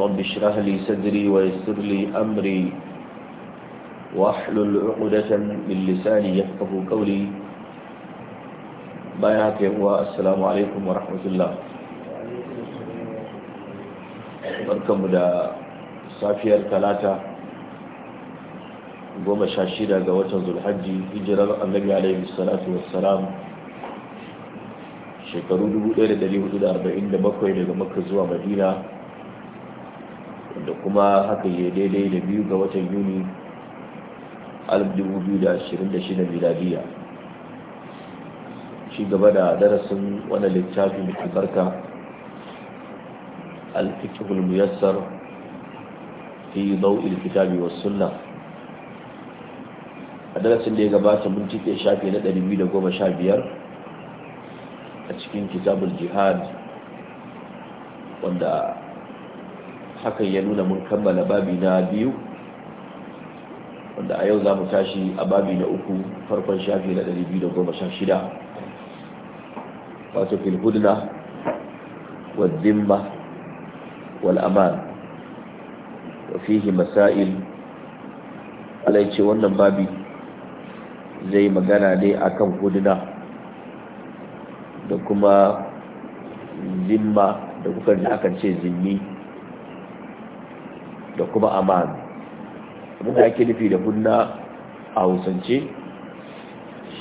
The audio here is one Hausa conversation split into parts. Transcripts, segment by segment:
رب اشرح لي صدري ويسر لي أمري واحلل عقدة من لساني يفقه قولي بياك السلام عليكم ورحمة الله بركم دا صافية الثلاثة قوم شاشيدا قوتا ذو الحج هجر النبي عليه الصلاة والسلام شكروا دبو دير دليل دار بإن مكة إلى زوا مدينة da kuma haka ya daidai da biyu ga watan yuni 2026 miladiya shi gaba da darasin wani littafi mai albarka alfikul muyassar fi nau'il kitabi wa sunna a darasin da ya gabata mun cike shafi na 215 a cikin kitabul jihad wanda hakan ya nuna mun kammala babi na biyu wanda a yau za mu tashi a babi na uku farkon shafi na 216 wato filhudna والذمة والأمان وفيه masa'il alai ce wannan babi zai magana ne akan huduna da kuma zimma da kuka ji akan ce zimmi da kuma amani da ake nufi da bunna a hausance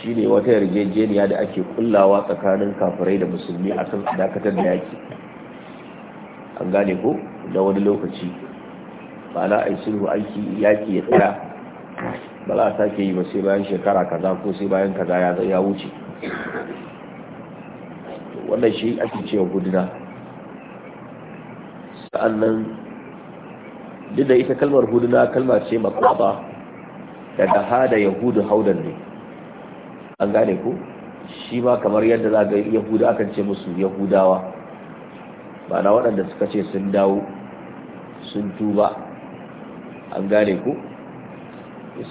ne wata yarjejeniya da ake kullawa tsakanin kafirai da musulmi a kan dakatar da yaki an gane ko da wani lokaci ba na ai sulhu aiki yaki ya tsara ba za a sake yi ba sai bayan shekara kaza ko sai bayan kaza ya wuce wannan shi ake cewa guduna sa'annan duk da ita kalmar hudu na kalma ce makwaba daga hada yahudu haudan ne an gane ku shi ma kamar yadda za ga yahuda akan ce musu yahudawa ba na waɗanda suka ce sun dawo sun tuba an gane ku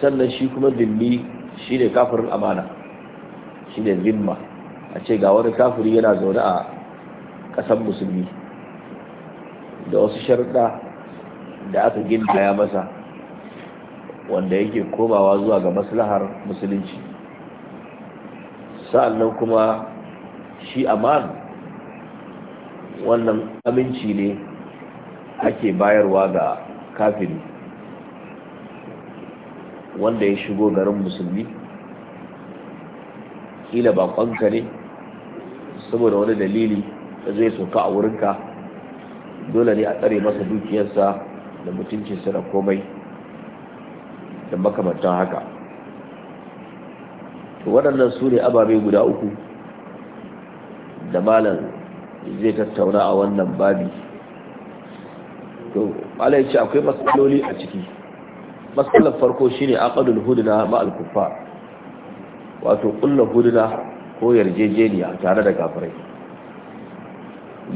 sannan shi kuma zimmi shi ne kafirin amana shi ne zimma a ce ga wani kafiri yana zaune a ƙasar musulmi da wasu sharuɗa da aka gindaya masa wanda yake komawa zuwa ga maslahar musulunci sa'annan kuma shi aman wannan aminci ne ake bayarwa ga kafin wanda ya shigo garin musulmi kila bakonka ne saboda wani dalili da zai soka a wurinka dole ne a tsare masa dukiyarsa da su da komai da makamantan haka waɗannan su ne ababe guda uku da malam zai tattauna a wannan babi to malar ce akwai matsaloli a ciki matsalar farko shine ne huduna ma wato ƙullar huduna ko yarjejeniya tare da gafirai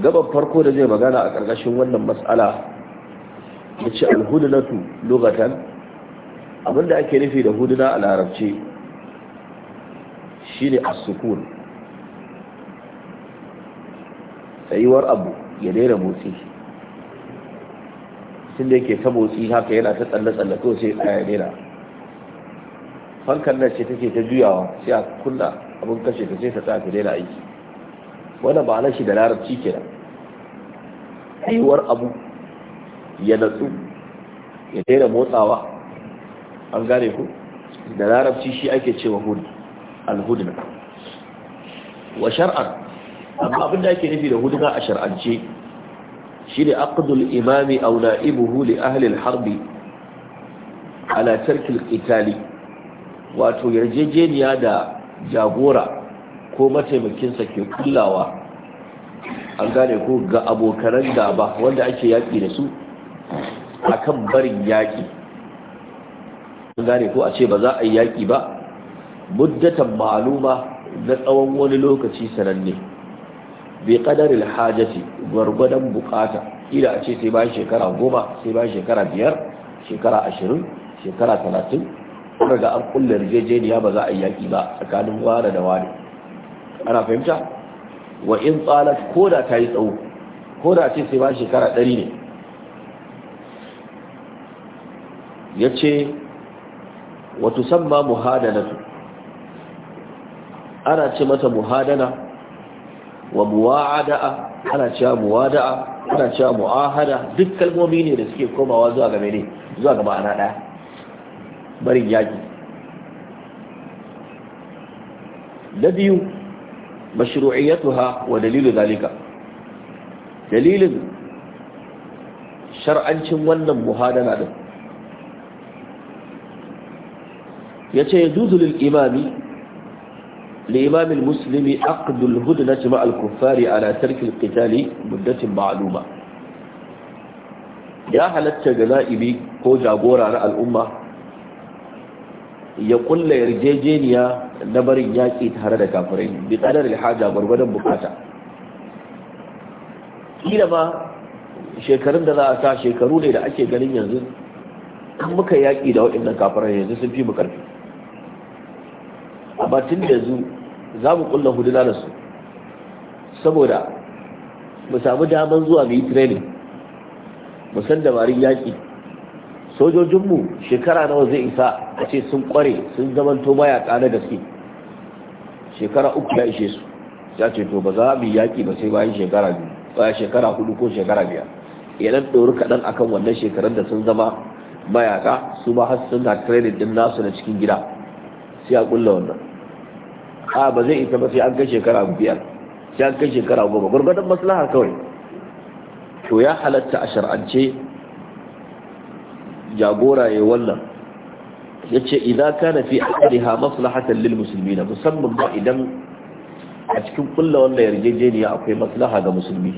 gabar farko da zai magana a ƙarƙashin wannan matsala ya ce alhudunatu lugatan abinda ake nufi da huduna a larabci shi ne asukun tsayuwar abu ya daina motsi sun da yake ta motsi haka yana ta tsalle-tsalle to sai ya daina fankan nan ce take ta juyawa sai a kunna abin kashe ta sai ta sa ta daina aiki wannan ba shi da larabci kenan tsayuwar abu ya natsu ya daina motsawa an gane ku da larabci shi ake cewa hud alhudna wa shar'an amma abin da ake nufi da hudna a shar'ance shi ne aqdul imami aw na'ibuhu li ahli harbi ala tarki wato yarjejeniya da jagora ko mataimakinsa ke kullawa an gane ko ga abokanan gaba wanda ake yaki da su akan barin yaƙi sun gane ko a ce ba za a yi yaƙi ba muddatan ma'aluma na tsawon wani lokaci sananne bai ƙadarin hajjati gwargwadon bukata ila a ce sai bayan shekara goma sai bayan shekara biyar shekara ashirin shekara talatin kuma daga an kulle rijejeniya ba za a yi yaƙi ba tsakanin wane da wane ana fahimta wa in tsalat ko da ta yi tsawo ko da ce sai bayan shekara ɗari ne ya ce wato samma muhadanatu ana ce mata muhadana wa muwa'ada'a ana cewa muwada'a ana cewa mu'ahada duk kalmomi ne da suke komawa zuwa ga mene zuwa ga ma'ana ɗaya barin yaƙi na biyu mashru'iyyatuha wa dalilu zalika dalilin shar'ancin wannan muhadana din yace ce lil imami li imam al muslimi aqd al hudnati ma al kuffari ala ya halatta ga na'ibi ko jagora na al'umma ya kulla yarjejeniya na barin yaƙi tare da kafirai bi tsadar alhaja gwargwadon bukata kila ma shekarun da za a sa shekaru ne da ake ganin yanzu an muka yaƙi da waɗannan kafirai yanzu sun fi mu ƙarfi amma tun da yanzu za mu kulla huduna da su saboda mu samu daman zuwa mu yi training mu san dabarun yaƙi sojojinmu shekara nawa zai isa a ce sun kware sun zamanto mayaƙa na gaske shekara uku ya ishe su ya ce to ba za mu yaƙi ba sai bayan shekara biyu bayan shekara hudu ko shekara biyar yanan ɗori kaɗan akan wannan shekarun da sun zama mayaƙa su ma har suna training din nasu na cikin gida sai a ƙulla wannan a ba zai isa ba sai an kai shekara biyar sai an kai shekara goma gwargwadon maslaha kawai to ya halatta a shar'ance jagora ya wannan ya ce idan ka na fi ha maslahatan lil musulmi na musamman ba idan a cikin kulla wanda yarjejeniya akwai maslaha ga musulmi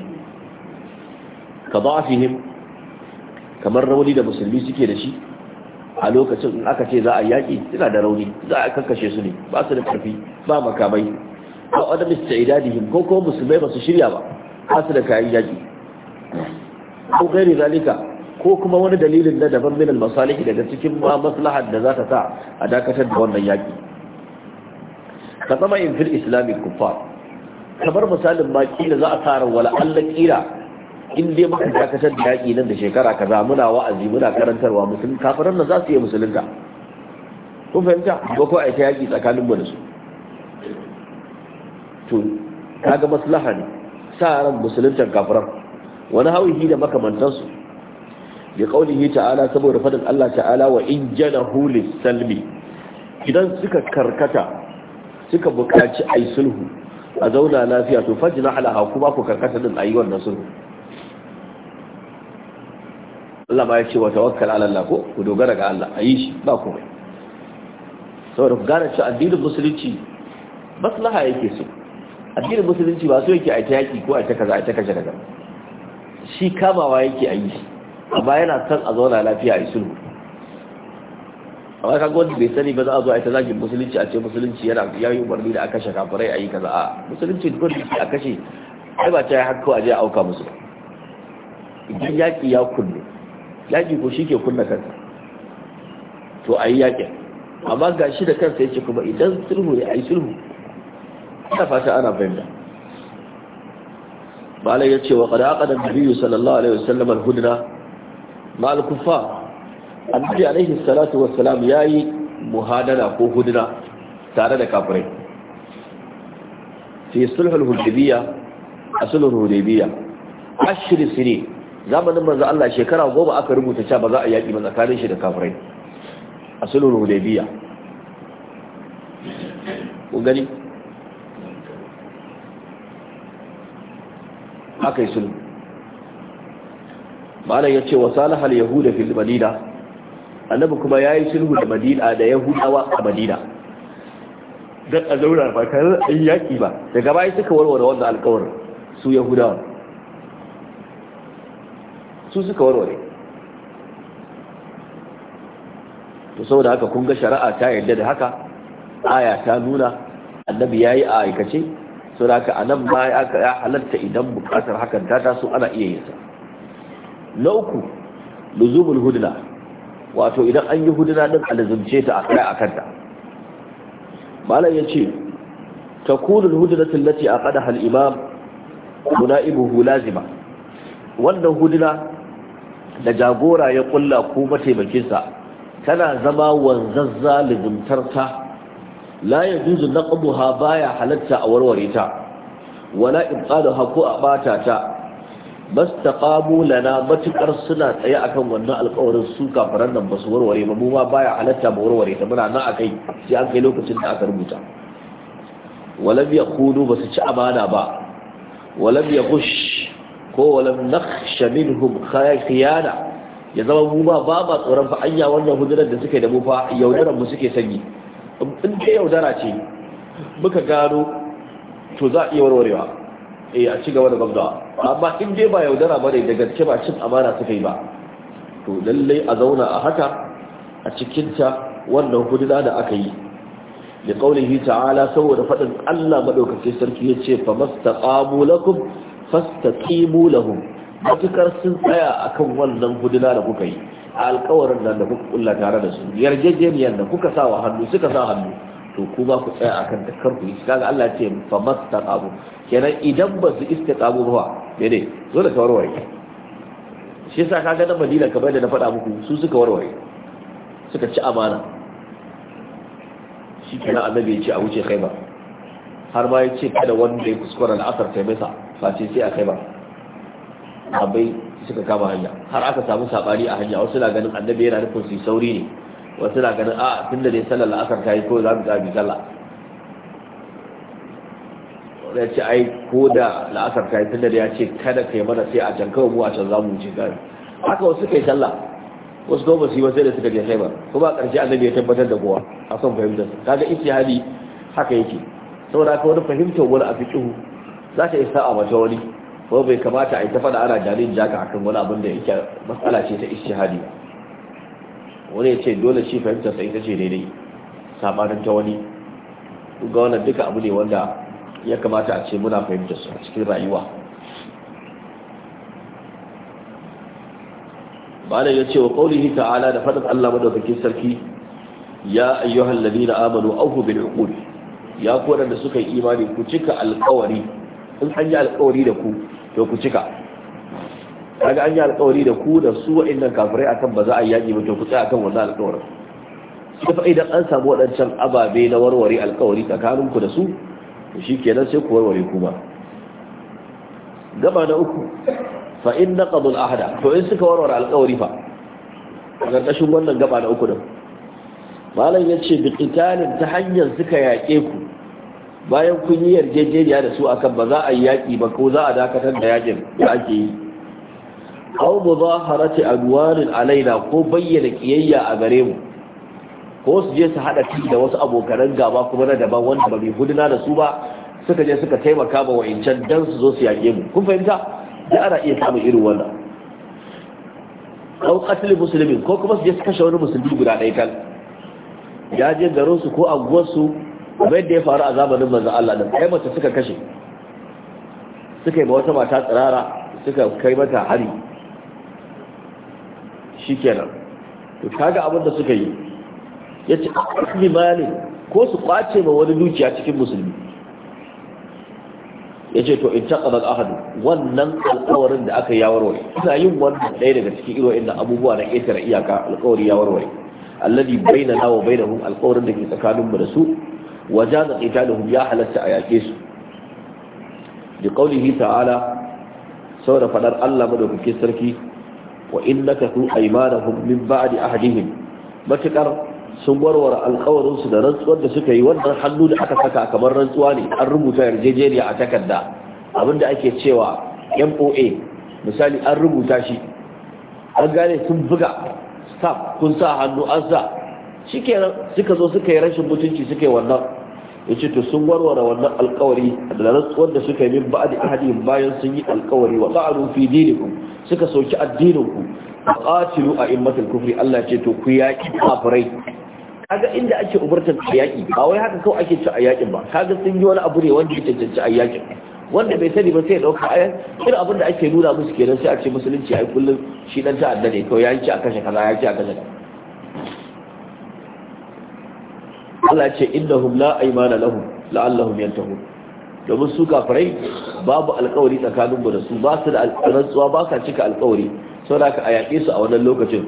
ka ba kamar rauni da musulmi suke da shi a lokacin in aka ce za a yaƙi suna da rauni za a kakkashe su ne ba su da ƙarfi ba makamai ba wadda mista idadihim ko kuma musulmai ba su shirya ba ba su da kayan yaƙi ko gairi zalika ko kuma wani dalilin na daban min masalihi daga cikin ma maslahar da za ta sa a dakatar da wannan yaƙi ka zama in fil islami kufa kamar misalin ma kila za a tsara wala Allah kila in dai muka dakatar da yaƙi nan da shekara ka za, muna wa'azi muna karantarwa musulun kafiran nan za su iya musulunta kun fahimta ba ko a ta yaƙi tsakaninmu da su to kaga maslaha ne sa ran musuluntar kafiran wani hawihi da makamantansu bi qaulihi ta'ala saboda fadin Allah ta'ala wa in janahu lis-salmi idan suka karkata suka buƙaci ai sulhu a zauna lafiya to fajina halaha kuma ku karkata din ayi wannan sulhu Allah ma ya ce wa tawakkal ala Allah ko ku dogara ga Allah a yi shi ba komai saboda ku gane cewa addinin musulunci maslaha yake so addinin musulunci ba so yake a yaki ko a ta kaza a ta kaza kaza shi kamawa yake a yi amma yana son a zauna lafiya a yi sulhu amma kaga wanda bai sani ba za a zo a ita zagin musulunci a ce musulunci yana ya yi umarni da a kashe kafirai a yi kaza a musulunci duk wanda a kashe ai ba ta yi hakko a je a auka musu ba idan yaki ya kunne. yaƙi ko shi ke kunna kansa to a yi yaƙin amma ga shi da kansa ya ce kuma idan sulhu ya yi sulhu ina fata ana fahimta malai ya ce wa kada aka da nabiyu sallallahu alaihi wasallam al-hudna ma al-kuffar annabi alaihi salatu ya yi muhadara ko hudna tare da kafirai fi sulhul hudaybiyya asulul hudaybiyya 10 sinin zamanin manzo Allah shekara goma aka rubuta cewa ba za a yaki ba tsakanin shi da kafirai a sulhul hudaybiya ku gani aka yi sulhu malam ya ce wa salahal yahuda fil madina annabi kuma yayi sulhu da madina da yahudawa a madina dan a zauna ba tare da yaki ba daga bayan suka warware wannan alƙawarin su yahudawa su suka warware to saboda haka kun ga shari'a ta yarda da haka aya ta nuna annabi yayi a aikace saboda haka anan ma ya halatta idan bukatar hakan ta taso ana iya yin sa na uku luzumul hudna wato idan an yi hudna din lazumce ta akai kanta. malam yace takunul hudnatu allati aqadaha al-imam munaibuhu lazima wannan hudna da jagora ya kulla ko mataimakinsa tana zama wanzazza lizumtarta la ya juzu naqduha baya halatta a warware ta wala ibqaluha hako a bata ta mastaqamu lana matukar suna tsaye akan wannan alƙawarin su kafaran nan ba su warware ba mu ma baya halatta ba warware ta muna nan akai sai an kai lokacin da aka rubuta walam yakunu ba su ci amana ba walam Bush. ko walam nakhsha minhum khiyana ya zama mu ba ba ma tsoron fa anya wannan hudurar da suke da mu fa yaudaran mu suke sanyi in dai yaudara ce muka gano to za a iya warwarewa eh a ci gaba da gwamnawa amma in dai ba yaudara ba ne da gaske ba cin amana suka yi ba to lallai a zauna a haka a cikinta wannan hudura da aka yi da kaulihi ta'ala saboda faɗin Allah maɗaukake sarki ya ce fa mastaqamu lakum fastaqimu lahum matukar sun tsaya akan wannan gudula da kuka yi alƙawarin nan da kuka kulla tare da su yarjejeniyar da kuka sa wa hannu suka sa hannu to ku ba ku tsaya akan takkar ku shi kaga Allah ce fa mastaqabu kenan idan ba su istiqabu ba ne ne zo da warware shi yasa kaga da Madina kamar da na faɗa muku su suka warware suka ci amana shi kenan annabi ya ce a wuce Khaibar har ma ya ce kada wanda ya kuskura la'asar kai mesa face sai a kai ba abai suka kama hanya har aka samu sabani a hanya wasu na ganin annabi yana nufin su sauri ne wasu na ganin a tun da ne sallar la'asar ta yi ko za mu tsabi sallah ya ce ai ko da la'asar ta yi tun da ya ce kada kai mana sai a can kawai mu a can za mu wuce gari haka wasu kai sallah wasu kuma ba su yi wasu da suka je ba kuma a ƙarshe annabi ya tabbatar da kowa a son fahimtar kaga haɗi haka yake saboda ka wani fahimtar wani a fiƙihu za ta isa a mata wani ko bai kamata a yi ta faɗa ana jarin jaka akan wani abin da yake matsala ce ta ishihadi wani ya ce dole shi fahimtar sa ita ce daidai sabanin ta wani ga wannan duka abu ne wanda ya kamata a ce muna fahimtar su a cikin rayuwa bada ya ce wa qaulihi ta'ala da faɗin Allah madaukakin sarki ya ayyuhan ladina amanu awfu bil uqud ya ku waɗanda suka yi imani ku cika alƙawari in an yi alƙawari da ku to ku cika kaga an yi alƙawari da ku da su waɗannan kafirai akan ba za a yaƙi ba to ku tsaya akan wannan alkawarin shi fa idan an samu waɗancan ababe na warware alƙawari tsakanin ku da su to shikenan sai ku warware ku ba gaba na uku fa in naqadul ahda to in suka warware alƙawari fa a ƙarƙashin wannan gaba na uku da. malam ya ce bikitalin ta hanyar suka yaƙe ku bayan kun yi yarjejeniya da su akan ba za a yi yaƙi ba ko za a dakatar da yaƙin da ake yi aw a adwarin alaina ko bayyana ƙiyayya a gare mu ko su je su haɗa ci da wasu abokanan gaba kuma na daban wanda ba mai huduna da su ba suka je suka taimaka ba wa'incan dan su zo su yaƙe mu kun fahimta da ana iya samun irin wannan aw qatl muslimin ko kuma su je su kashe wani musulmi guda ɗaya kan ya je garinsu ko anguwarsu bai da ya faru a zamanin manzan Allah da kai mata suka kashe suka yi wata mata tsirara suka kai mata hari shikenan to kaga abin da suka yi Ya yace akli mali ko su kwace ma wani dukiya cikin musulmi Ya ce to in taqadat ahadu wannan alƙawarin da aka yi warware ina yin wannan ɗaya daga cikin inda abubuwa na ƙetare iyaka alkawari yawarwai. alladhi bainana wa bainahum alqawrin da ke tsakanin mu da su wa jaza qitaluhum ya halatta a yake su bi qawlihi ta'ala saboda fadar Allah madaukakin sarki wa innaka tu aymanahum min ba'di ahdihim matakar sun warware alƙawarin su da rantsuwar da suka yi wannan hannu da aka saka kamar rantsuwa ne an rubuta yarjejeniya a takarda abinda ake cewa MOA misali an rubuta shi an gane sun buga stamp kun sa hannu an sa shikenan suka zo suka yi rashin mutunci suka yi wannan yace to sun warware wannan alƙawari. da suka yi min ba'di ahadin bayan sun yi alkawari wa ta'alu fi dinikum suka soki addininku wa qatilu a'immatul kufri Allah ce to ku yaki kafirai kaga inda ake ubartar yaki ba wai haka kawai ake ci a yakin ba kaga sun yi wani abu ne wanda ya cancanci a yakin wanda bai sani ba sai ya dauka ayan irin abin da ake nuna musu kenan sai a ce musulunci ai kullum shi dan ta'adda ne kawai ya ci a kashe kaza ya ci a kashe Allah ce innahum la aymana lahum la'allahum yantahun domin su kafirai babu alkawari tsakanin mu da su ba su da rantsuwa ba sa cika alkawari saboda ka a yaƙe su a wannan lokacin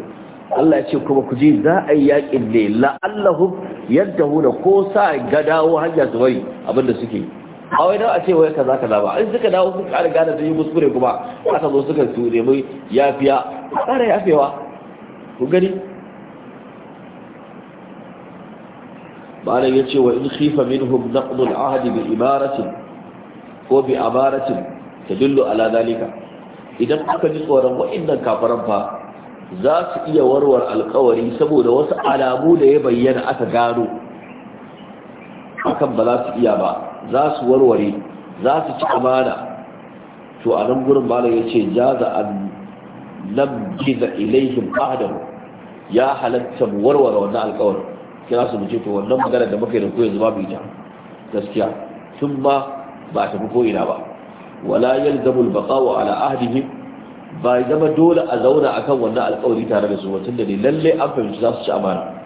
Allah ya ce kuma ku ji za a yi yaƙin ne la'allahum da ko sa ga dawo hanya su bari abin suke yi a wai don a ce wai kaza kaza ba in suka dawo suka ƙara gane sun yi muskure kuma aka zo suka su nemi yafiya a ƙara yafewa ku gani malam ya ce wa in khifa minhum naqdul ahdi bi ibaratin ko bi abaratin tadullu ala dalika idan aka ji tsoron wa'annan kafaran fa za su iya warware alkawari saboda wasu alamu da ya bayyana aka gano akan ba za su iya ba za su warware za su ci amana to a nan gurin malam ya ce jaza an nabjiza ilaihim ahdahu ya halatta mu warware wannan alƙawarin kira su mu ce to wannan magana da muka yi da ku yanzu babu ita gaskiya tun ma ba tafi fi ina ba wala yalzamu albaqa'u ala ahdihim ba zama dole a zauna akan wannan alkawari tare da su wacin da ne lallai an fahimci za su ci amana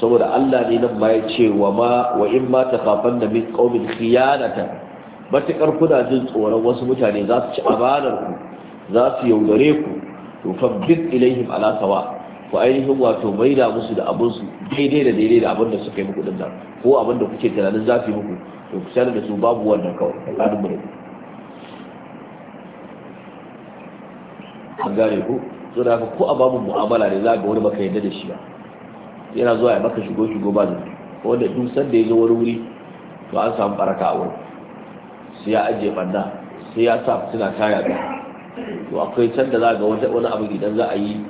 saboda Allah ne nan ma ya ce wa ma wa in ma takhafan da min qaumin khiyanata matakar kuna jin tsoron wasu mutane za su ci amanar ku za su yaudare ku to fabbit ilaihim ala sawa ku ainihin wato mai maida musu da abun su daidai da daidai da abin da suka yi muku din nan ko abin da kuke tunanin za su yi muku to ku sanar da su babu wannan kawai tsakanin mu da ku an gane ku so da a babu mu'amala ne za ga wani baka yadda da shi ba yana zuwa ya maka shigo shigo ba zai wanda duk sanda ya zo wani wuri to an samu baraka a wurin sai ya ajiye banda sai ya sa suna taya ga to akwai can da za ga wata wani abu idan za a yi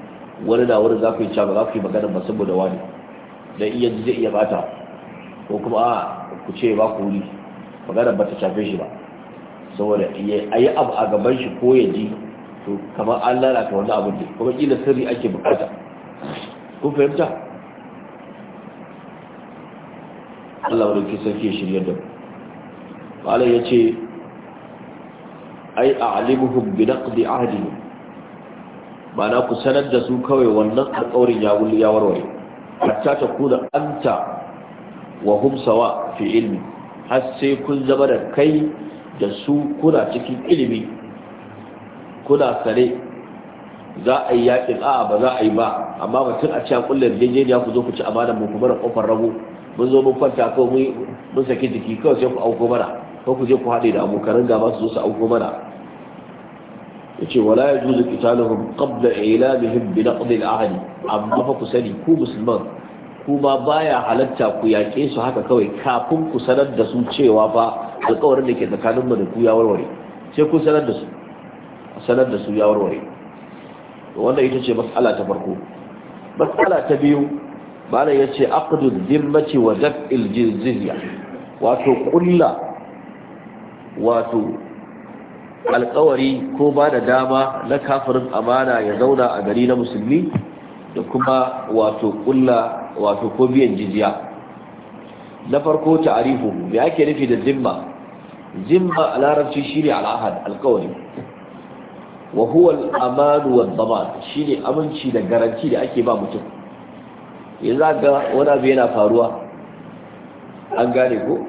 wani na wani za ku yi ba za ku yi magana ba saboda wani dan iya zai iya bata ko kuma a ku ce ba ku wuri magana ba ta shafe shi ba saboda a yi abu a gaban shi ko ya ji to kamar an lalata wani abu ne kuma kila sirri ake bukata kun fahimta Allah wadda kisar ke shirya da ƙwalar ya ce ai a alimuhun bidan da ahadi ba na ku sanar da su kawai wannan alƙawarin ya wuli ya warware hatta ta kuna anta wa humsawa fi ilmi har sai kun zama da kai da su kuna cikin ilimi kuna sare za a yi yaƙin a'a ba za a yi ba amma mutum a cikin kullum yarjejeniya ku zo ku ci amanar mu kuma da ƙofar rabu mun zo mun kwanta ko mun saki jiki kawai sai ku auko mana ko ku je ku haɗe da abokan gaba su zo su auko mana yace wala yajuzu qitaluhum qabla ilamihim bi naqd al-ahd amma fa ku sani ku musulman kuma baya halatta ku yaƙe su haka kawai kafin ku sanar da su cewa ba alƙawarin da ke tsakaninmu da ku ya warware sai ku sanar da su sanar da su ya warware wannan ita ce matsala ta farko matsala ta biyu bala ya ce aqdu dimmati wa daf'il jizya wato kulla wato alƙawari ko ba da dama na kafirin amana ya zauna a gari na musulmi da kuma wato kulla wato ko biyan jizya na farko ta'arifu me ake nufi da zimma zimma a larabci shine al'ahad alqawari wa huwa al wa dhaman shine aminci da garanti da ake ba mutum yanzu ga wani abu yana faruwa an gane ko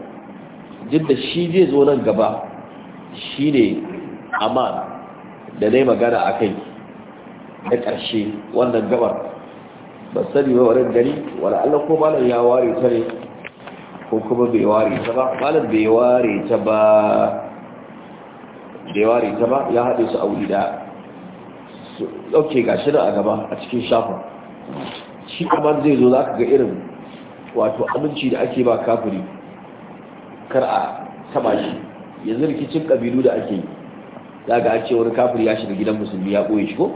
jidda shi zai zo nan gaba shi ne aman da na yi magana a kai na ƙarshe wannan gabar ba sani ba wani gani wani allah ko malar ya ware ta ne ko kuma bai ware ta ba malar bai ware ta ba bai ware ta ba ya haɗe su a wuri da ɗauke gashi na a gaba a cikin shafin shi kamar zai zo za ka ga irin wato aminci da ake ba kafiri kar a taba shi yanzu rikicin kabilu da ake yi za ga ce wani kafiri ya shiga gidan musulmi ya ɓoye shi ko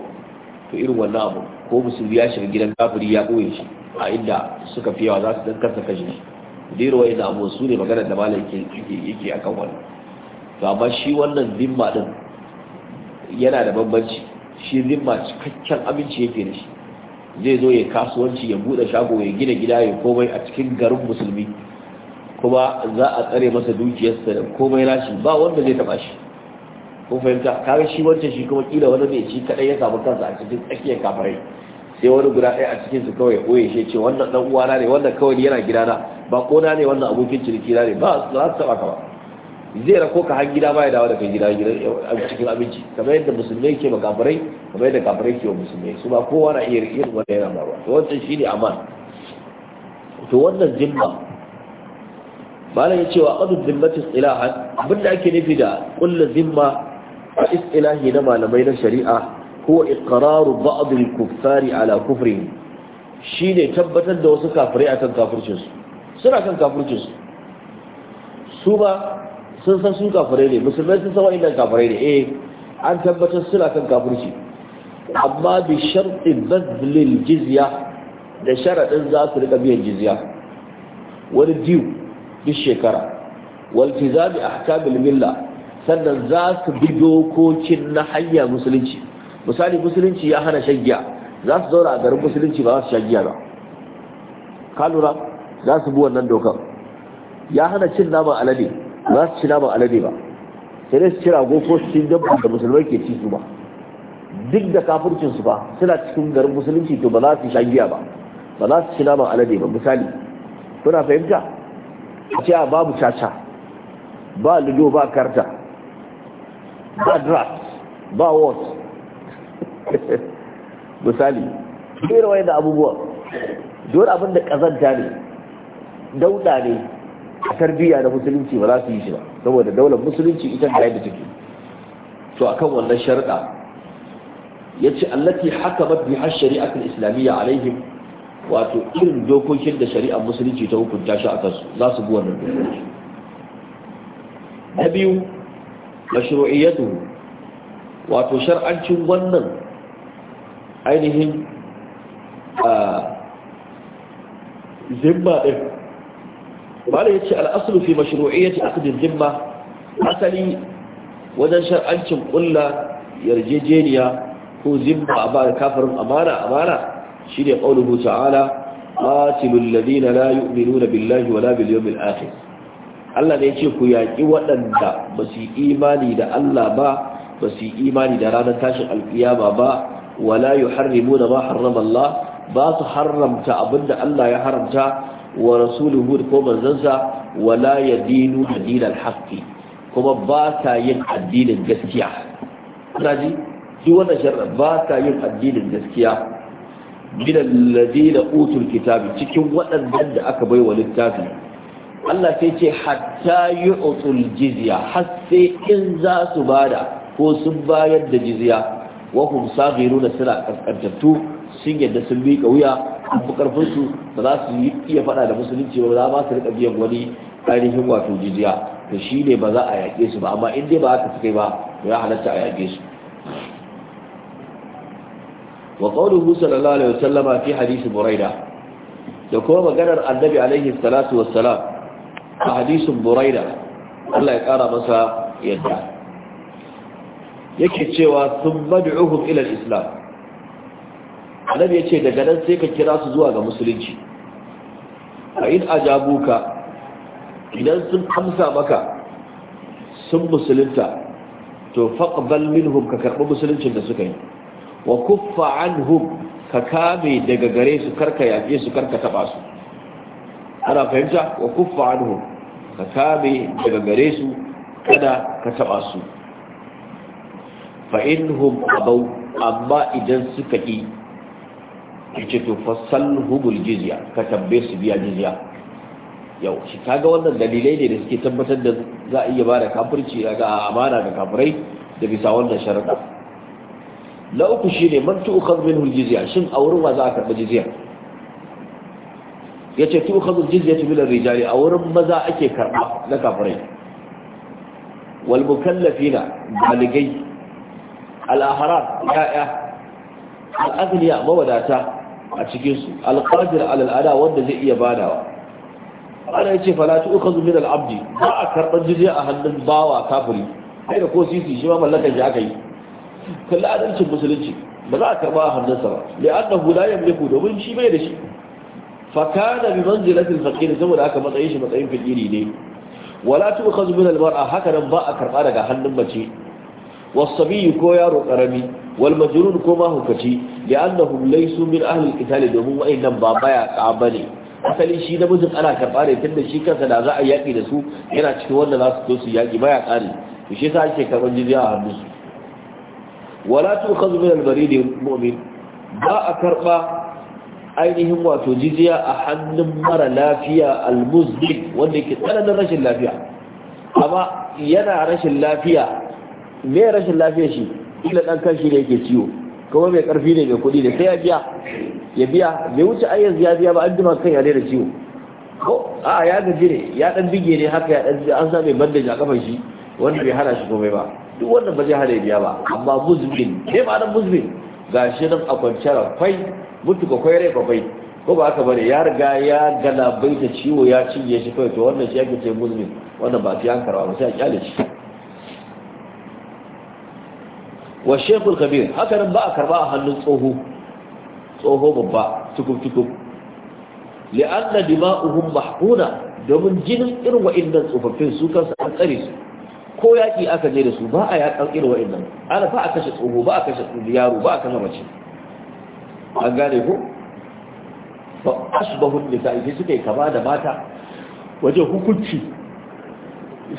to irin wannan abu ko musulmi ya shiga gidan kafiri ya ɓoye shi a inda suka fi yawa za su dankarsa kashe shi dero wa yana abu su ne maganar da malam yake a kan wani to amma shi wannan zimma din yana da bambanci shi zimma cikakken aminci yake da shi zai zo ya kasuwanci ya bude shago ya gina gida ya komai a cikin garin musulmi kuma za a tsare masa dukiyarsa da komai nashi ba wanda zai taba shi ko fahimta kaga shi wancan shi kuma kila wani mai shi kadai ya samu kansa a cikin tsakiyar kafarai sai wani guda ɗaya a cikin su kawai oye shi ce wannan dan uwana ne wannan kawai yana gidana ba kona ne wannan abokin ciniki na ne ba za su taba ka ba zai rako ka har gida ba ya dawo da kai gida gida a cikin abinci kamar yadda musulmai ke makafirai kamar yadda kafirai ke musulmai su ba kowa na iya yin wani yana faruwa to wancan shine aman to wannan zimma malam ya cewa qadu zimmatis ilaha abinda ake nufi da kullu zimma a ilahi na malamai na shari'a huwa iqraru ba'd al-kuffari ala kufrihi shine tabbatar da wasu kafirai akan kafircin su suna kan kafircin su su ba sun san su kafirai ne musulmai sun san wa'annan kafirai ne eh an tabbatar suna kan kafirci amma bi sharti bazlil jizya da sharaɗin za su rika biyan jizya wani diyu duk shekara waltizami ahkamil milla sannan za su bi dokokin na hanya musulunci misali musulunci ya hana shagiya za su zaura a garin musulunci ba za su shagiya ba ka lura za su bi wannan dokan. ya hana cin naman alade za su ci naman alade ba sai dai su ci rago ko su ci dabba da musulmai ke ci su ba duk da kafircin su ba suna cikin garin musulunci to ba za su sha giya ba ba za su ci naman alade ba misali kuna fahimta a ce babu caca ba ludo ba karta ba draft ba wot, misali kira wani da abubuwa dole abin da kazanta ne dauda ne tarbiyya na musulunci ba za su yi shi ba saboda daular musulunci ita da yadda take to akan wannan sharda ce allati haka biha shari'atu islamiyya alaihim wato irin dokokin da shari'ar musulunci ta hukunta shi akan su za su bi wannan dokoki na biyu mashru'iyyatu wato shar'ancin wannan ainihin a ɗin malai yace al-aslu fi mashru'iyyati aqd al-dhimma asali wajen shar'ancin kulla yarjejeniya ko zimma a ba kafirin amana amana shine qauluhu ta'ala qatilul ladina la yu'minuna billahi wala bil yawmil akhir Allah ne yace ku yaki waɗanda ba su imani da Allah ba ba su imani da ranar tashin alkiyama ba wala yuharrimuna ma harrama Allah ba su haramta abinda Allah ya haramta wa rasuluhu da ko manzansa wala yadinu dinal haqqi kuma ba ta yin addinin gaskiya kuna ji wannan sharra ba ta yin addinin gaskiya min alladina utul kitabi cikin waɗannan da aka bai wa littafi Allah sai ce hatta yu'tul jizya har sai in za su bada ko sun bayar da jizya wa hum saghiruna suna kaskantattu sun yadda sun miƙa wuya an fi ba za su iya faɗa da musulunci ba za ba su riƙa biyan wani ainihin wato jijiya to shi ne ba za a yaƙe su ba amma in dai ba haka suka yi ba ya halatta a yaƙe su wa qawluhu sallallahu alaihi wasallam fi hadisi buraida da kuma maganar annabi alaihi salatu wassalam a hadisin buraida Allah ya kara masa yadda yake cewa sun mad'uhum ila islam annabi ya ce daga nan sai ka kira su zuwa ga musulunci a in ajabuka idan sun amsa maka sun musulunta to faqbal minhum ka karɓi musuluncin da suka yi wa kuffa anhum ka kame daga gare su karka yafe su karka taɓa su ana fahimta wa kuffa anhum ka kame daga gare su kada ka taɓa su fa inhum abau amma idan suka yi yace to fasal hubul jizya ka tabbe su biya jizya yau shi kaga wannan dalilai ne da suke tabbatar da za a iya bada kafirci daga amana da kafirai da bisa wannan sharaɗa na uku shine man tu'khadh minhu jizya shin a wurin wa za a karɓi jizya yace tu'khadhu jizyatu min ar-rijali a wurin maza ake karɓa na kafirai wal mukallafina baligai al-ahrar ya'ya al-aghniya mawadata a cikinsu alƙadir al'ada wanda zai iya badawa ana ce falatu uka zumi da abdi ba a karɓar jirya a hannun bawa kafiri sai da ko sisi shi ma mallakar shi aka yi kalli adalcin musulunci ba za a karɓa a hannunsa ba da an da hula ya mulku domin shi bai da shi fakana bi manzilatil fakiri saboda aka matsayin shi matsayin fakiri ne wala tu uka zumi da mar'a haka nan ba a karɓa daga hannun mace wasabiyu ko yaro karami wal majrun ko ma hukaci li'annahum laysu min ahli al-qital domin waɗannan ba baya ka ne. asali shi da mutum ana karɓa da tunda shi kansa da za a yaƙi da su yana cikin wanda za su zo su yaƙi baya kare to shi yasa ake a hannun su wala tukhadhu min al-barid mu'min ba a karɓa ainihin wato jizya a hannun mara lafiya al-muzlim wanda yake tsananin rashin lafiya amma yana rashin lafiya me rashin lafiya shi illa dan kashi da yake ciwo Kuma mai karfi ne mai kuɗi ne sai ya biya ya biya bai wuce ai yanzu ya biya ba an jima kan ya da ciwo ko a ya gaji ne ya dan bige ne haka ya dan an sa mai bandage a kafan shi wanda bai hana shi komai ba duk wannan ba zai hana ya biya ba amma muzmin ne ba nan muzmin gashi nan a kwanciyar fai mutu ka kwai rai kwai ko ba haka bane ya riga ya galabaita ciwo ya cinye shi kawai to wannan shi ake ce muzmin wannan ba fi an ba sai a kyale shi wa shekul kabir haka nan ba a karba a hannun tsoho tsoho babba tukub-tukub li'anna dima'uhun mahkuna domin jinin irin nan tsofaffin su kansu an tsare su ko yaƙi aka je da su ba a yaƙan irin wa'innan ana ba a kashe tsoho ba a kashe yaro ba a kama mace an gane ko ba asbahu nisa'i suka yi kama da mata wajen hukunci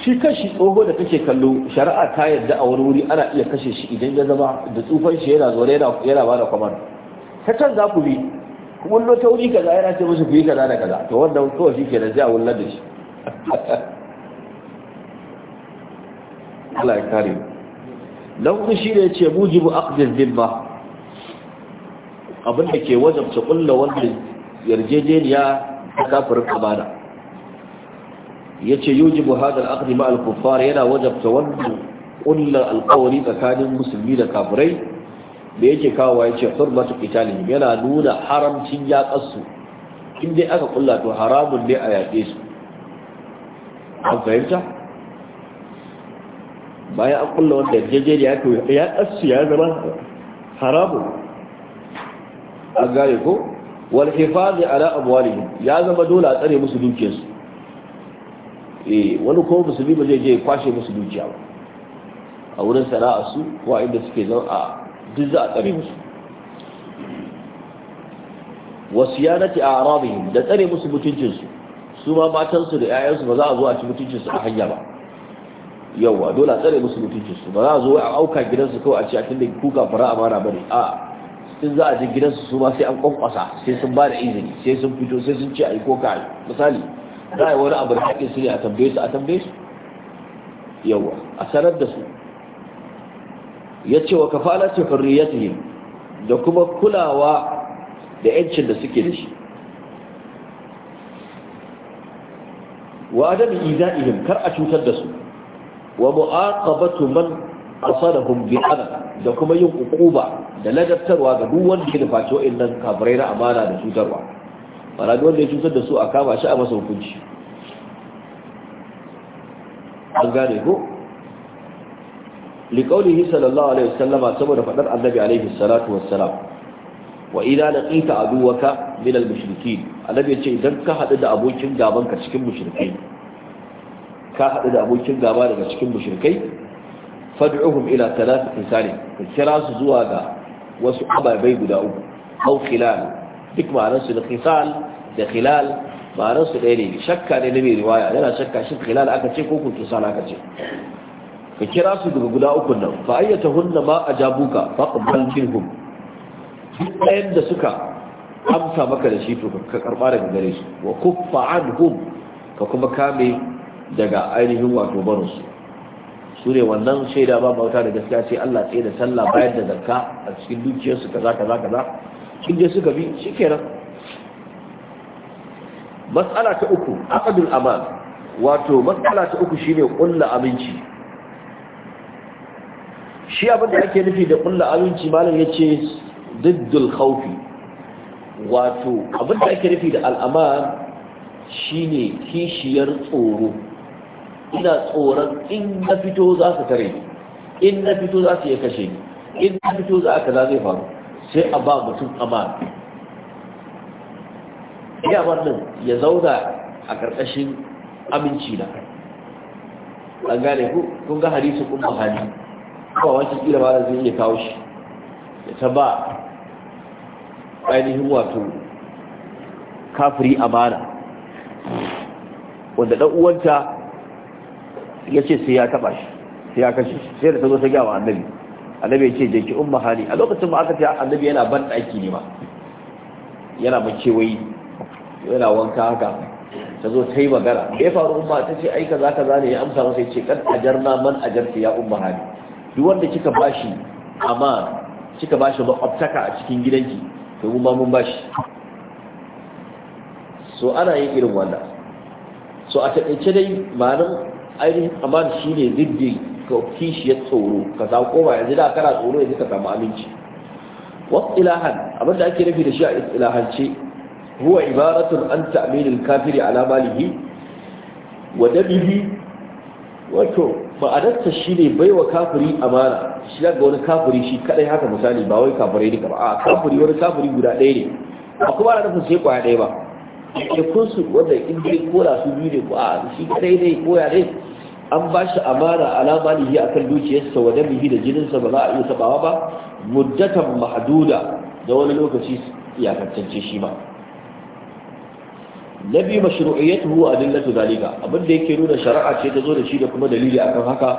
shi kashi tsoho da kake kallo shari'a ta yadda a wani wuri ana iya kashe shi idan ya zama da tsufan shi yana zaune yana ba da kwamar ta can za ku bi kuma ta wuri kaza yana ce musu ku kaza da kaza to wannan kawai shi ke da zai a wullar da shi Allah ya kare dan hudu shi ne ce mujibu aqdil dhimma abin da ke wajabta kullu wanda yarjejeniya ta kafirin amana yace yujibu hadal aqd ma al kuffar yana wajabta wanda kullu alqawli tsakanin musulmi da kaburai da yake kawo ya yace hurmatu qitalihim yana nuna haramcin yaƙarsu in dai aka kulla to haramun ne a yaƙe su an fahimta bayan an kulla wanda da ya ƙasu ya zama haramun an gane ko wal da ala ne ya zama dole a tsare musu dukiyarsu eh wani kuma musulmi ba zai je kwashe musu dukiya ba a wurin sana'a su ko a inda suke zan a duk za a tsare musu wasu ya nace a arabihim da tsare musu mutuncinsu su ma matansu da 'ya'yansu ba za a zo a ci mutuncinsu a hanya ba yawa dole a tsare musu mutuncinsu ba za a zo a auka gidansu kawai a ci a tunda kuka fara mara bane a sun za a ji gidansu su ma sai an kwankwasa sai sun ba da izini sai sun fito sai sun ci a yi ko kai misali za a yi wani abu da haƙin su ne a tambaye su a tambaye su yawa a sanar da su ya ce wa kafala ce farriyatihim da kuma kulawa da yancin da suke da shi wa adam iza'ihim kar a cutar da su wa mu'aqabatu man qasadahum bi da kuma yin ukuba da ladabtarwa ga duk wanda ya nufaci wa'annan kafirai na amana da cutarwa mana duk wanda ya cutar da su a kama shi a masa hukunci an gane ko liqaulihi sallallahu alaihi wasallama saboda fadar annabi alaihi salatu wassalam wa idza laqita aduwaka min al-mushrikeen annabi ce, idan ka haɗu da abokin gaban ka cikin mushrikai ka hadu da abokin gaba daga cikin mushrikai fad'uhum ila thalathati salih ka kira su zuwa ga wasu ababai guda uku aw khilal duk ma'anarsu da khisal da khilal ma'anarsu ɗaya ne shakka ne na mai riwaya yana shakka shi khilal aka ce ko kun kisal aka ce ka kira su daga guda uku nan fa ayyata hunna ma jabuka, fa qabbal minhum duk ɗayan da suka amsa maka da shi to ka karɓa daga gare su wa kuffa anhum ka kuma kame daga ainihin wato barinsu su ne wannan shaida ba bauta da gaskiya ce Allah tsaye da sallah bayan da zakka a cikin dukiyarsu kaza kaza kaza inda suka bi shi kenan matsala ta uku aqdul aman wato matsala ta uku shine kulla aminci shi abin da ake nufi da kulla aminci malam yace diddul khawfi wato abin da ake nufi da al'aman shine kishiyar tsoro ina tsoron in na fito za su tare in na fito za su ya kashe in na fito za a kaza zai faru sai a ba mutum amana ya wannan ya zauna a ƙarƙashin aminci na an gane ku kun ga hadisu kuma hali kuma wancan tsira ba zai iya kawo shi ya ta ba ainihin wato kafiri amana wanda ɗan uwanta ya ce sai ya taɓa shi sai ya kashe shi sai da ta zo ta gyawa annabi annabi ya ce je umma hali a lokacin ba aka ce annabi yana ban daki ne ma yana wai yana wanka haka ta zo ta yi magana da ya faru umma ta ce ai kaza kaza ne ya amsa masa ya ce kan na man ajar ya umma hali duk wanda kika bashi amma kika bashi makwabtaka a cikin gidanki to mu ba mun bashi so ana yin irin wannan so a taƙaice dai ma'anin ainihin shi ne ziddi kishiyar tsoro ka ko koma yanzu da kana tsoro yanzu ka samu aminci wasu ilahan abin da ake nufi da shi a ilahance huwa ibaratun an ta'aminin kafiri ala malihi wa dabihi wato ma'anarta shi ne bai wa kafiri amana shi ga wani kafiri shi kadai haka misali ba wai kafirai ne ba a kafiri wani kafiri guda ɗaya ne ba kuma ana nufin sai kwaya ɗaya ba da kun wanda in dai kola su biyu ne ko a shi kadai ne koya ne an ba shi amana ala a akan dukiyarsa wa damihi da jininsa ba za a iya tabawa ba muddatan mahduda da wani lokaci iyakantacce shi ma nabi mashru'iyyatuhu adillatu zalika abin da yake nuna shari'a ce ta zo da shi da kuma dalili akan haka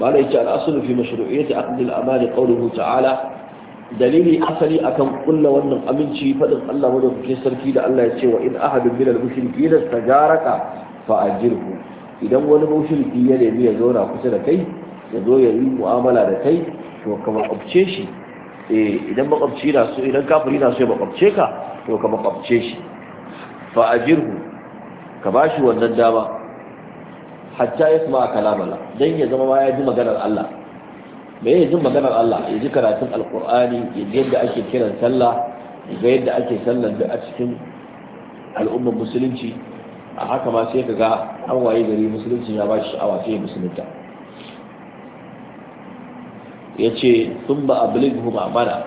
malai ce al-aslu fi mashru'iyyati aqd al-amani qawluhu ta'ala dalili asali akan kulla wannan aminci fadin Allah madaukakin sarki da Allah ya ce wa in ahadun min al-mushrikeena istajaraka fa ajirhu idan wani mushriki ya nemi ya zauna kusa da kai ya zo ya yi mu'amala da kai to ka makwabce shi eh, idan makwabci na so idan kafiri na so ya makwabce ka to ka makwabce shi fa ajirhu ka shi wannan dama hatta ya sama kalamala dan ya zama ma ya ji maganar Allah me ya ji maganar Allah ya ji karatun alqur'ani ya ji yadda ake kiran sallah ya ga yadda ake sallar da a cikin al'ummar musulunci a haka ma sai ka ga an waye gari musulunci ya ba shi sha'awa sai ya musulunta ya ce sun ba abulighu mana.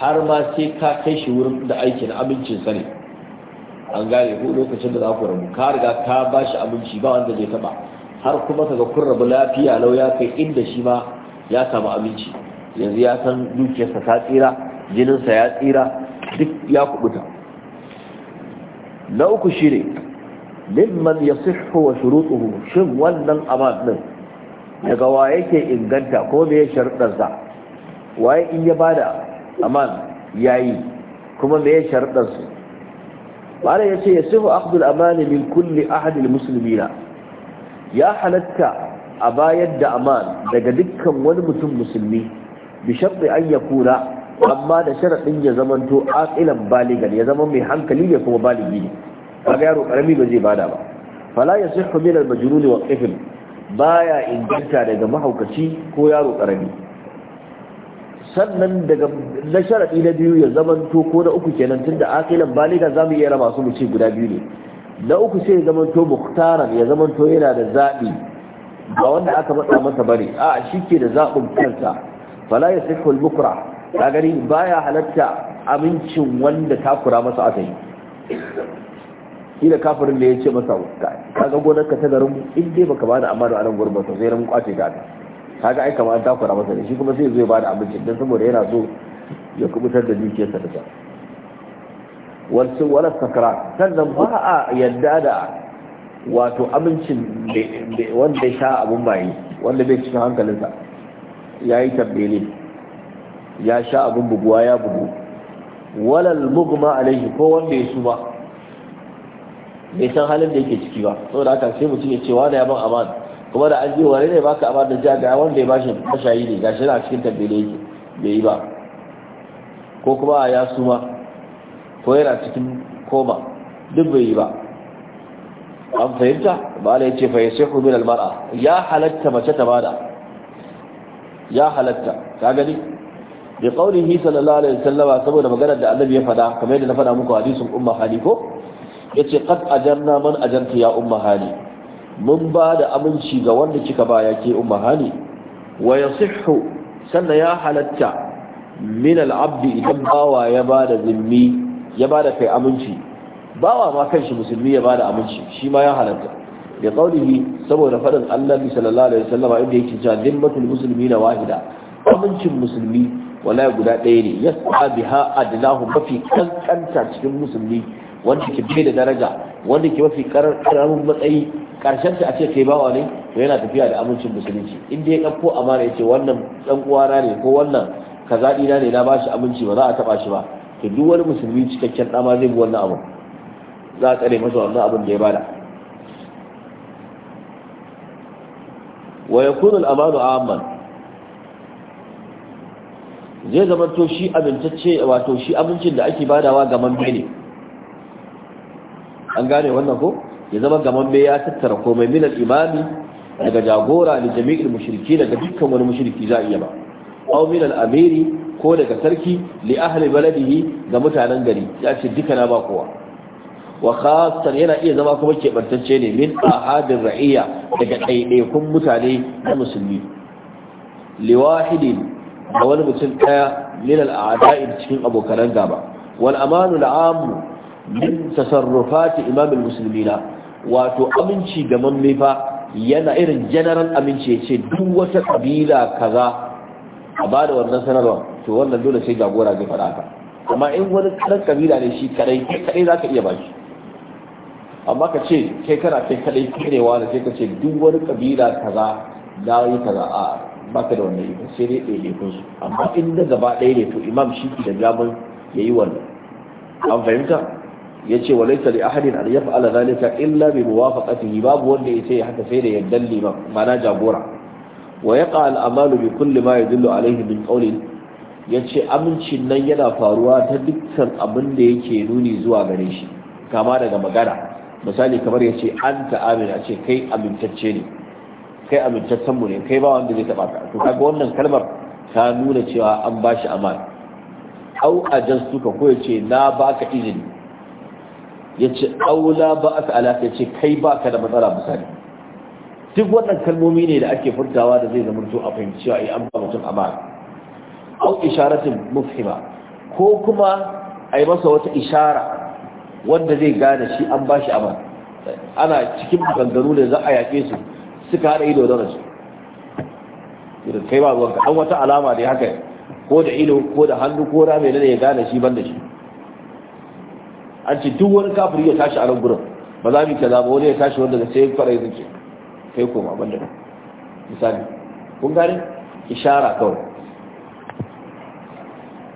har ma sai ka kai shi wurin da aikin amincin ne an gane ko lokacin da za ku rabu ka riga ka ba shi abinci ba wanda zai taba har kuma ka ga kun rabu lafiya lau ya kai inda shi ma ya samu abinci. yanzu ya san dukiyarsa ta tsira jininsa ya tsira duk ya kubuta na uku shi ne mimman yasihhu wa shurutuhu shin wannan amat din daga wa ke inganta ko me ya sa waye in ya bada aman yayi kuma me sharuɗar su bare yace yasihu akhdhu al-amani min kulli ahad musulmi na. ya halatta a bayar da aman daga dukkan wani mutum musulmi bi sharti an yakuna amma da sharaɗin ya zamanto aqilan baligan ya zama mai hankali ne kuma baligi ne kaga yaro karami ba zai bada ba fala yasihhu min al-majnun wa qifl baya inganta daga mahaukaci ko yaro karami sannan daga na sharadi na biyu ya to ko na uku kenan tunda akilan baliga zamu iya raba su mu ce guda biyu ne na uku sai ya to muhtaran ya zamanto yana da zabi ba wanda aka matsa masa bane a ke da zabin kansa fala yasihhu al-mukra kaga ni baya halatta amincin wanda takura masa asali. kila kafirin da ya ce masa ka kaga gonar ka ta garin in dai baka bada amana a nan gurbin ba sai mun kwace ta ta kaga ai kamar ta kura masa da shi kuma sai zai bada abinci dan saboda yana so ya kubutar da dukiyarsa da ta wasu wala sakara sannan ba a yadda da wato amincin wanda ya sha abun baye wanda bai cikin hankalinsa ya yi tabbele ya sha abun buguwa ya bugu walal mugma alaihi ko wanda ya ba bai san halin da yake ciki ba da haka sai mutum ya ce da ya ban aman kuma da an ji wani ne baka aman da ja ga wanda ya bashi mashayi ne gashi na cikin tambele yake bai yi ba ko kuma ya suma ko yana cikin koma duk bai yi ba an fahimta ba ala yace fa yasihu min al mar'a ya halatta mace ta bada ya halatta ka gani bi qawlihi sallallahu alaihi wasallam saboda maganar da annabi ya fada kamar yadda na fada muku hadisin umma haliko yace "Kad ajanna man ajanta ya umma hali? mun ba da aminci ga wanda kika ba yake ke umma hali? wa yasihhu sannan ya halatta min al-abdi idan bawa ya ba da zimmi ya ba da kai aminci bawa ma shi musulmi ya ba da aminci shi ma ya halatta da qaulihi saboda fadin Allah sallallahu alaihi wasallam inda yake cewa musulmi na wahida amincin musulmi wallahi guda ɗaya ne ya sa biha adlahu mafi kankanta cikin musulmi wanda ke bai da daraja wanda ke mafi karamin matsayi karshen ta a ce kai bawa ne to yana tafiya da amincin musulunci in dai ya ɗauko amana ya ce wannan ɗan uwana ne ko wannan kaza na ne na bashi aminci ba za a taɓa shi ba to duk wani musulmi cikakken ma zai bi wannan abu za a tsare masa wannan abin da ya bada wa yakunu al-amanu amman zai to shi amintacce wato shi abincin da ake badawa ga mambe ne an gane wannan ko ya zama gaman me ya tattara komai Minan imami daga jagora da jami'il mushriki daga dukkan wani mushriki za iya ba aw Minal amiri ko daga sarki li ahli baladihi ga mutanen gari ya ce duka na ba kowa wa khassan yana iya zama kuma kebantacce ne min ahadin ra'iya daga ɗaiɗaikun mutane na musulmi liwahidin da wani mutum ɗaya minal Adain cikin abokanan gaba wal amanu la'amu min tasarrufati imam al-muslimina wato aminci ga mamme fa yana irin general aminci yace duk wata kabila kaza a ba da wannan sanarwa to wannan dole sai jagora ga faɗa ka amma in wani karan kabila ne shi kare, kai za ka iya ba shi amma ka ce kai kana kai kadai kirewa da sai ka ce duk wani kabila kaza na yi kaza a baka da wannan ikon sai dai ɗaya kun kunsu. amma in da gaba ɗaya ne to imam shi da gaban ya yi wannan an fahimta Ya ce wa laysa li ahadin an yaf'ala dhalika illa bi muwafaqatihi babu wanda yace haka sai da yaddan liman mana jagora wa yaqa al amalu bi kulli ma yadullu alayhi min qawlin yace amincin nan yana faruwa ta dukkan abin da yake nuni zuwa gare shi kama daga magana misali kamar yace anta amina ce kai amintacce ne kai amintaccen mu ne kai ba wanda zai taba ka to kaga wannan kalmar ta nuna cewa an bashi amana au suka ko yace na baka izini ya ce aula ba aka alaka ya ce kai ba ka da matsala misali duk wannan kalmomi ne da ake furtawa da zai zama a fahimci cewa eh, an ba mutum a amana au isharatin mufhima ko kuma a yi masa wata ishara wanda zai gane shi an ba shi amana ana cikin maganganu da za a yaƙe su suka haɗa ido da wani rasu kai ba ruwanka an wata alama da haka ko da ido ko da hannu ko rame da ya gane shi ban da shi an ce duk wani kafiri ya tashi a nan gurin ba za mu kaza ba wani ya tashi wanda sai kwarai zake kai koma banda misali kun gane ishara kawai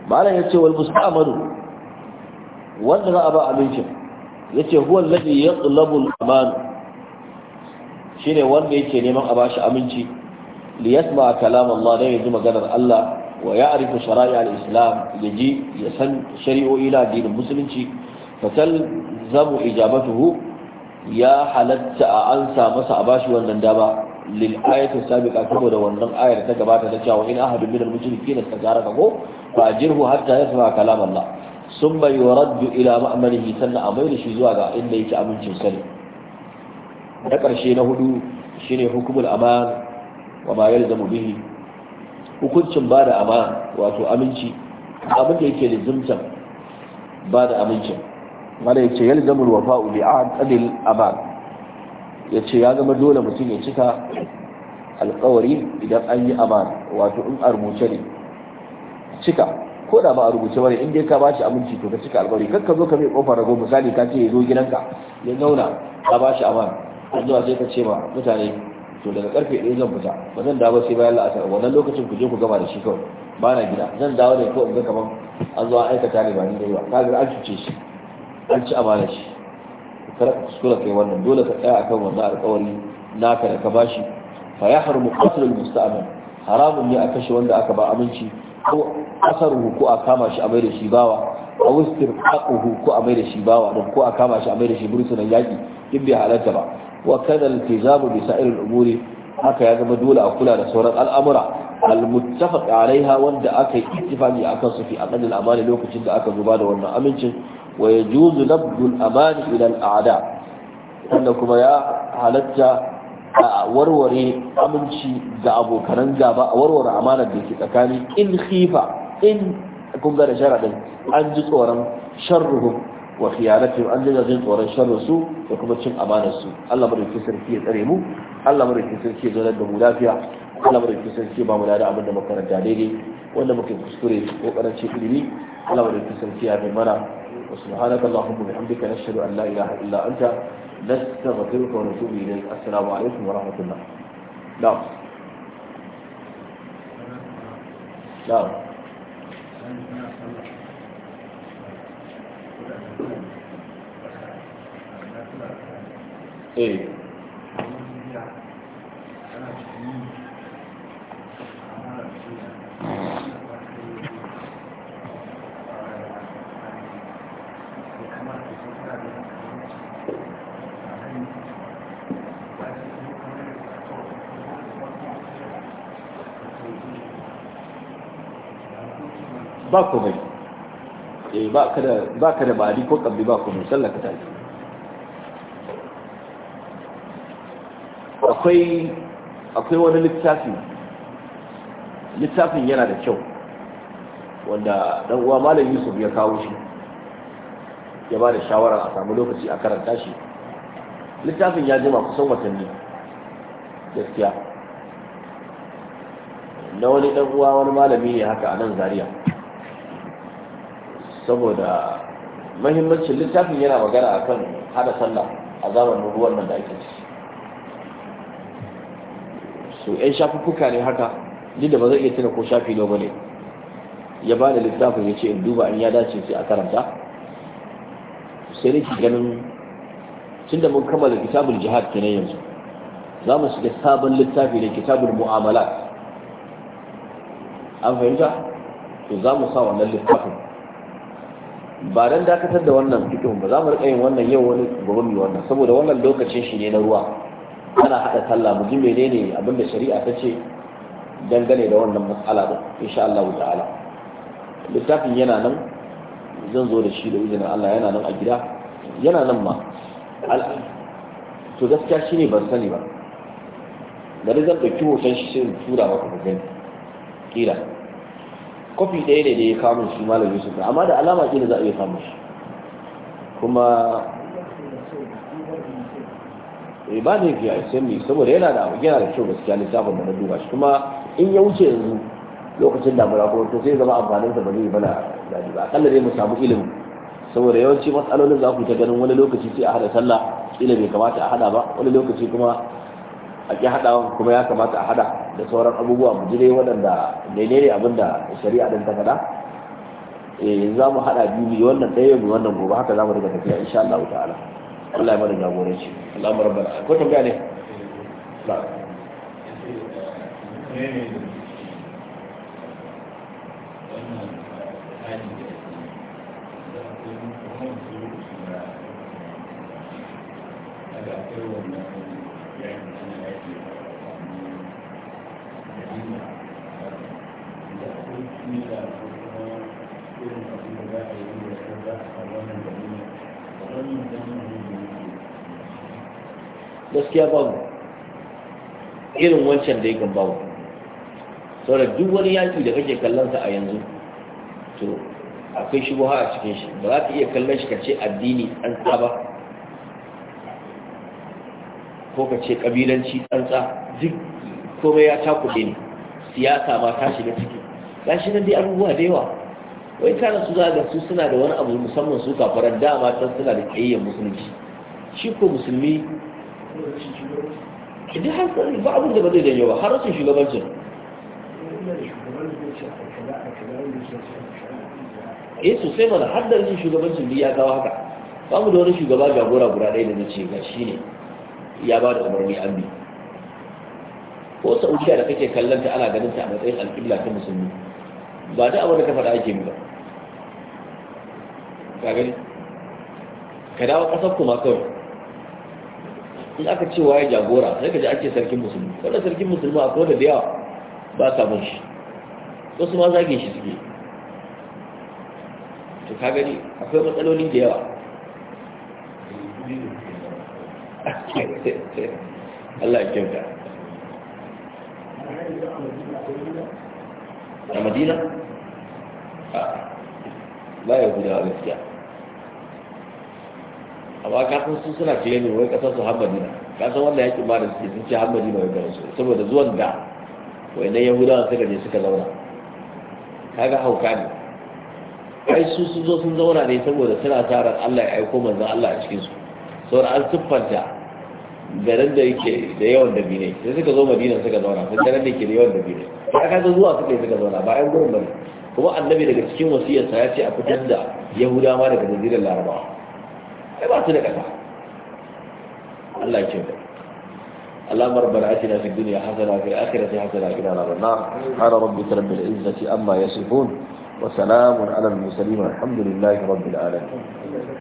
malam yace wal musta'malu wanda za a ba amincin ya abincin yace huwa alladhi yatlabu amanu. Shi ne wanda yake neman a ba shi aminci Liyas yasma kalam Allah da yaji maganar Allah wa ya'rifu shara'i al-islam ji ya san shari'o'i na addinin musulunci fatal zamu ijabatuhu ya halatta a ansa masa a bashi wannan dama lil ayati sabiqa saboda wannan ayar ta gabata ta cewa in ahadun minal mushrikeena istajaraka ko fajirhu hatta yasma kalam kalama summa yuraddu ila ma'malihi sannan a mai da shi zuwa ga inda yake amincin sani da ƙarshe na hudu shine hukumul aman wa ma yalzamu hukuncin ba da wato aminci yake lizimtan ba da amincin mana ya ce wafa wafa'u bi adil aban ya ce ya zama dole mutum ya cika alkawari idan an yi aman wato in a rubuce ne cika ko da ba a rubuce bane in dai ka bashi aminci to ka cika alkawari kar ka zo ka mai kofar rago misali ka ce ya zo gidanka ya zauna ka bashi kan zuwa sai ka ce ma mutane to daga karfe ɗaya zan fita ba zan dawo sai bayan la'asar wannan lokacin ku je ku gama da shi kawai ba na gida zan dawo ne ko in ga kamar an zo an aikata ne ba ni da yawa ga an cuce shi an ci amana shi kar ka kuskura kai wannan dole ka tsaya akan wannan alƙawari naka da ka bashi fa ya harmu qatlul musta'min haramun ne a kashe wanda aka ba aminci ko asaruhu ko a kama shi a mai da shi bawa a wistir ko a mai da shi bawa ko a kama shi a mai da shi bursunan yaki in bai halatta ba wa kana iltizamu bi sa'iril umuri haka ya zama dole a kula da sauran al'amura al-muttafaq alaiha wanda aka yi ittifaqi akan su fi aqdal amani lokacin da aka zuba da wannan amincin wa yajuzu labdul amani idan al'ada wanda kuma ya halatta a warware aminci ga abokanan gaba a warware amanar da ke tsakani in khifa in kun ga da sharadin an ji tsoron sharruhum wa khiyanatihim an ji jin tsoron sharru su da kuma cin amanar su Allah madaukakin sarki ya tsare mu Allah madaukakin sarki ya zo da mu lafiya Allah madaukakin sarki ba mu da abin da muka daidai wanda muke kuskure ko karancin ilimi Allah madaukakin sarki ya bi mana وسبحانك اللهم وبحمدك نشهد أن لا إله إلا أنت نستغفرك ونتوب إليك السلام عليكم ورحمة الله لا نعم. لا نعم. ايه ba ku mai eh, ba ka da ba ka da ba'adi ko kambi ba komai sallar ka tafi akwai akwai wani littafi littafin yana da kyau wanda dan uwa malam Yusuf ya kawo shi ya ba da shawara a samu lokaci a karanta shi littafin ya jima kusan watanni gaskiya na wani ɗan uwa wani malami ne haka a nan Zariya. saboda mahimmancin littafin yana magana a kan hada sallah a zamanin ruwan nan da ake ci so yan shafukuka ne haka duk da ba zai iya tuna ko shafi ne ba ne ya ba da littafin ya ce in duba in ya dace sai a karanta sai ki ganin tun da mun kammala kitabul jihad kenan yanzu za mu shiga sabon littafi ne kitabul mu'amalat an fahimta to za mu sa wannan littafin ba don dakatar da wannan fito ba za mu riƙa yin wannan yau wani gobe wannan saboda wannan lokacin shi ne na ruwa ana haɗa sallah mu ji menene abinda shari'a ta ce dangane da wannan matsala din insha Allah ta'ala littafin yana nan zan zo da shi da izinin Allah yana nan a gida yana nan ma to gaskiya ne ban sani ba da zan ɗauki hoton shi sai tura maka ku gani kila kofi ɗaya ne da ya kama shi malam yusuf amma da alama ƙila za a iya samun shi kuma ya eh, ba da yake a sami saboda yana da yana da kyau gaskiya lissafin da na duba shi kuma in ya wuce yanzu lokacin damuna kuma to sai zama amfanin sa ba zai bana daɗi ba akalla dai mu samu ilimi saboda yawanci matsalolin za ku ta ganin wani lokaci sai a hada sallah ilimi bai kamata a hada ba wani lokaci kuma a hada kuma ya kamata a hada da sauran abubuwa mu jire waɗanda daidai ne abin da shari'a din ta kada eh za mu hada biyu wannan ɗaya mu wannan gobe haka za mu riga tafiya insha Allah ta'ala Allah ya mana jagoranci Allahumma rabbana ko tambaya ne na Yeah. gaskiya babu irin wancan da yakan babu saboda duk wani yaƙi da kake kallon sa a yanzu to akwai shubuha a cikin shi ba za ka iya kallon shi ka ce addini tsantsa ba ko ka ce ƙabilanci tsantsa duk komai ya takuɗe ne siyasa ma ta shiga ciki gashi nan dai abubuwa da yawa wai kana su za ga su suna da wani abu musamman su kafaran dama ta suna da kiyayyar musulunci shi ko musulmi idan har ba abin da ba zai janyo ba har rashin shugabancin eh sosai mana har da rashin shugabancin biyu ya kawo haka ba mu da wani shugaba jagora guda ɗaya da na ce ga shi ne ya ba da umarni an bi ko saudiya da kake kallon ta ana ganin ta a matsayin alƙibla ta musulmi ba da abin da ka faɗa ake ba. ka gani ka dawo ƙasar kuma kawai in aka ce waye jagora sai ka ji ake sarkin musulmi wanda sarkin musulmi a kowane da yawa ba sa mun shi wasu ma zage shi suke to ka gani akwai matsaloli da yawa Allah ya kyauta a madina ba ya guda gaskiya amma kafin su suna kilemin wai kasar su har madina kasan wanda yaki ba da suke sun ce hamadi na wajen su saboda zuwan da wai na yahudawa suka je suka zauna kaga hauka ne kai su sun zo sun zauna ne saboda suna tarar Allah ya aiko manzan Allah a cikinsu. saboda an siffanta garin da yake da yawan dabinai sai suka zo madina suka zauna sun garin da yake da yawan dabinai ya kasa zuwa suka yi suka zauna bayan gurin bane kuma annabi daga cikin wasiyarsa ya ce a fitar da yahuda ma daga jazirar larabawa sai ba su da ƙasa Allah ya ce ba Allah marbar ake na cikin duniya hasana fi akira sai hasana ina na barna har rabbi tarbil izzati amma yasifun wa salamun ala al-musallimin alhamdulillahi rabbil alamin